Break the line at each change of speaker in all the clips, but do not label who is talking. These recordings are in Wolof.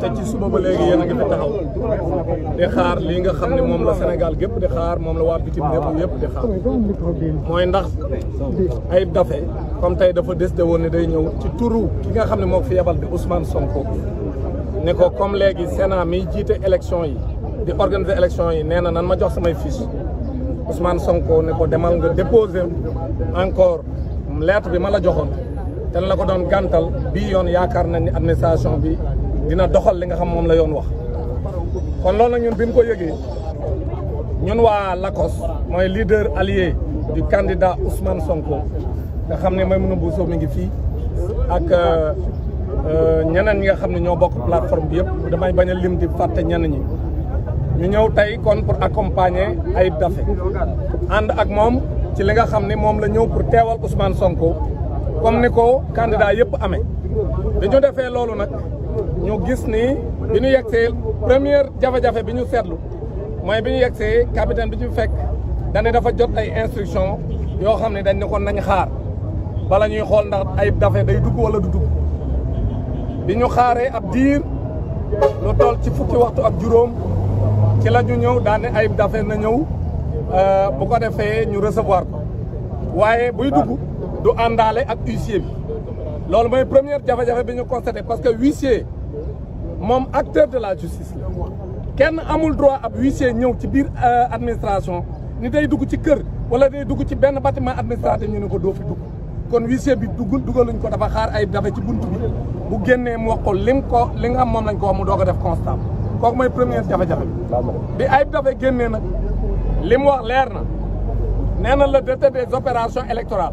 te ci suba ba léegi yéen a fi taxaw di xaar lii nga xam ne moom la Sénégal gépp di xaar moom la waa bitim réew yëpp di xaar mooy ndax ay dafe comme tey dafa décidé woon ne day ñëw ci turu ki nga xam ne moo fi yebal di Ousmane Sonko ne ko comme léegi Sénat miy jiite élection yi di organiser élection yi nee na nan ma jox samay fis Ousmane Sonko ne ko demal nga déposer encore lettre bi ma la joxoon te la ko doon gantal bi yon yaakar na ni administration bi dina doxal li nga xam mom la yon wax kon loolu ñun bimu ko yëgee ñun wa LACOS moy leader allié du candidat Ousmane Sonko nga xam ne Maimouna Bousso mi ngi fi ak euh, ñeneen nga xam ne ñoo bokk plateforme bi yépp damaay baña lim di faté ñeneen ñi ñu ñew tay kon pour accompagner Ayib dafé and ak mom ci li nga xam ne la ñew pour téwal Ousmane Sonko comme ni ko candidat yëpp amé dañu ñu defee loolu nag ñu gis ni biñu yexé yegsee première jafe-jafe bi ñu seetlu mooy bi capitaine bi ñu fekk dañ dafa jot ay instruction yo xamné dañ ne ko nañ xaar bala ñuy xol ndax ay dafe day dugg wala du dugg biñu ñu ab diir lo toll ci fukki waxtu ak juroom ci lañu ñu ñëw daan ne ayib dafe na ñëw euh, bu ko défé ñu recevoir ko waaye buy dugg du àndaale ak huissier bi loolu première jafe-jafe bi constaté parce que huissier moom acteur de la justice la kenn amul droit ab huissier ñëw ci biir euh, administration ni day dugg ci kër wala day dugg ci benn bâtiment administratif ñu ne ko doo fi dugg kon huissier bi duggul ñu ko dafa xaar ay dafa ci buntu bi bu génné mu wax ko lim ko li nga am moom lañ ko wax mu doga def constant kok moy première jafe-jafe bi ay dafa génné nak lim wax leer na nee na le directeur des opérations électorales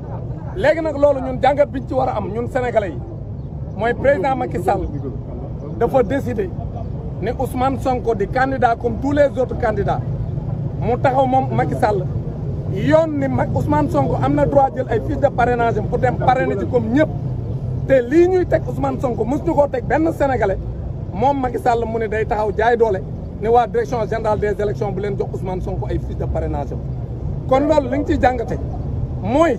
léegi nag loolu ñun jàngat biñ ci war a am ñun sénégalais yi mooy président Macky Sall dafa décider ne Ousmane Sonko di candidat comme tous les autres candidats mu taxaw moom Macky sàll yoon ni mag Ousmane Sonko am na droit jël ay fiche de parrainage am pour dem parrainer ci comme ñëpp te lii ñuy teg Ousmane Sonko mos ñu koo teg benn sénégalais moom Macky Sall mu ne day taxaw jaay doole ne waa direction générale des élections bu leen jox Ousmane Sonko ay fiche de parrainage am kon loolu li nga ciy jàngate mooy.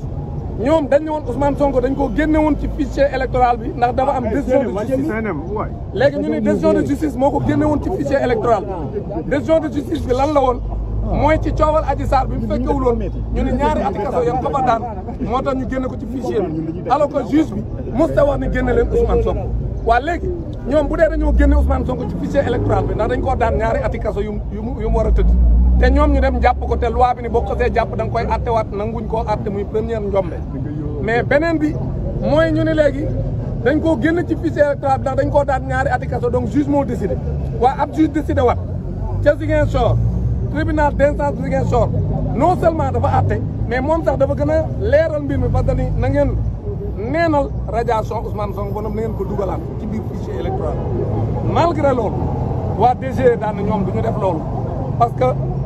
ñoom dañ ne woon Ousmane Sonko dañ koo génne woon ci fichier électoral bi ndax dafa am ah, décision de justice léegi ñu ne décision de justice moo ko génne woon ci fichier ah. électoral décision de justice bi lan la woon ah. mooy ci coobal aji Sarr bi mu fekkewuloon ñu ne ñaari ati kaso yam ko daan moo tax ñu génne ko ci fichier bi alors que juge bi mos ta wax ne génne leen Ousmane Sonko waa léegi ñoom bu dee dañoo génne Ousmane Sonko ci fichier électoral bi ndax dañ koo daan ñaari ati kaso yu mu yu mu war a tëdd té ñom ñu dem japp ko té loi bi ni boo xasee japp dang koy atté wat nanguñ ko atté muy première njombe mais benen bi moy ñu ne légui dañ ko génn ci fichier électoral ndax dañ ko daat ñaari atté kasso donc juge mo décider wa ab juge décider wat ca Ziguinchor tribunal d'instance Ziguinchor non seulement dafa atté mais mom sax dafa gëna léral mbir mi parce que na ngeen neenal radiation Ousmane Sonko bonam na ngeen ko dugalat ci biir fichier électoral malgré lool wa DG e daan ñom duñu def lool parce que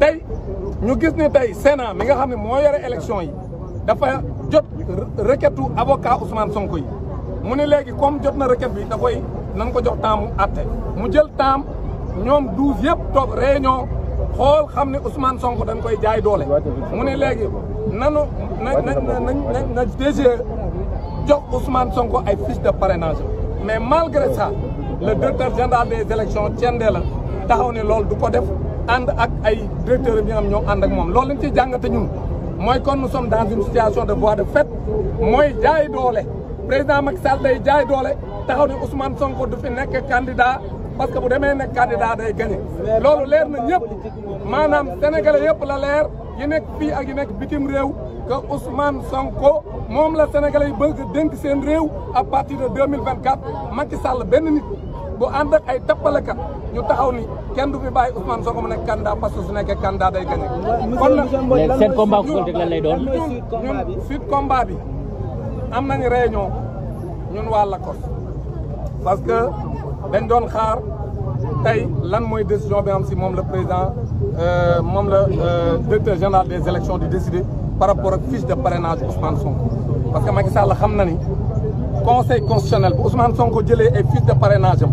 tey ñu gis ne tey Sénat mi nga xam ne moo élection yi dafa jot requête avocat Ousmane Sonko yi mu ne léegi comme jot na requête bi da koy nan ko jox temps mu àtte mu jël temps ñoom douze yëpp toog réunion xool xam Ousmane Sonko dañ koy jaay doole mu ne léegi nanu na DG jox Ousmane Sonko ay fiche de parrainage mais malgré ça le directeur général des élections Thiendella taxaw ne loolu du ko def ànd ak ay directeurs yi nga xam ñoo ànd ak moom loolu lañ ciy jàngate ñun mooy kon nous sommes dans une situation de voie de fait mooy jaay doole président Macky Sall day jaay doole taxaw ne Ousmane Sonko du fi nekk candidat parce que bu demee nekk candidat day gagné loolu leer na ñëpp maanaam sénégalais yëpp la leer yi nekk fii ak yi nekk bitim réew que Ousmane Sonko moom la senegale yi bëgg dénk seen réew a partir de 2024 Macky Sall benn nit bu ànd ak ay tappalekat ñu taxaw ni kenn du fi baye Ousmane Sonko mu nekk candidat parce que su nekkee candidat day gagné. kon sen combat ko combat politique lan lay doon. ñun suite combat bi am nañu réunion ñun wa la Lacoste parce que dañ doon xaar tay lan moy décision bi am si mom le président euh mom la euh, directeur général des élections di décider par rapport ak fiche de parrainage Ousmane Sonko parce que Macky Sall xam na ni conseil constitutionnel bu Ousmane Sonko jëlé ay fiche de parrainage am.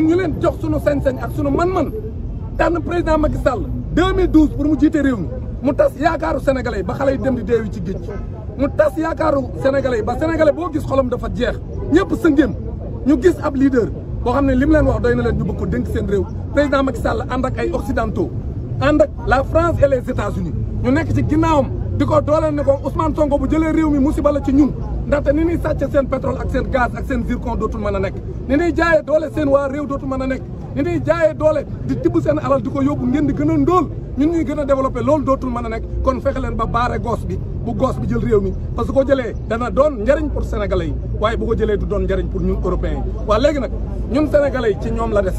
ñun ñu jox sunu sañ-sañ ak sunu man-man tànn président Macky Sall 2012 pour mu jiite réew mi mu tas yaakaaru yi ba xale yi dem di deewi ci géej mu tas yaakaaru yi ba sénégalais boo gis xolam dafa jeex ñëpp sëngéem ñu gis ab leader boo xam ne li mu leen wax doy na leen ñu bëgg ko dénk seen réew président Macky Sall ànd ak ay occidentaux ànd ak la France et les ñu nekk ci ginnaawam di ko dooleel ne ko Ousmane Sonko bu jëlee réew mi musiba la ci ñun. ndaxte ni ñuy sàcce seen pétrole ak seen gaz ak seen zircon dootul mën a nekk ni ñuy doole seen waa réew dootul mën a nekk ni ñuy doole di tibb seen alal di ko yóbbu ngeen di gën a ndóol ñun ñuy gën a développé loolu dootul mën a kon fexe leen ba baare goos bi bu goos bi jël réew mi parce que ko dana doon njariñ pour sénégalais yi waaye bu ko jëlee du doon njëriñ pour ñun européens waa léegi nag ñun sénégalais yi ci ñoom la des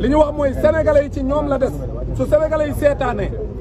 li ñu wax mooy sénégalais yi ci ñoom la des su sénégalais yi seetaanee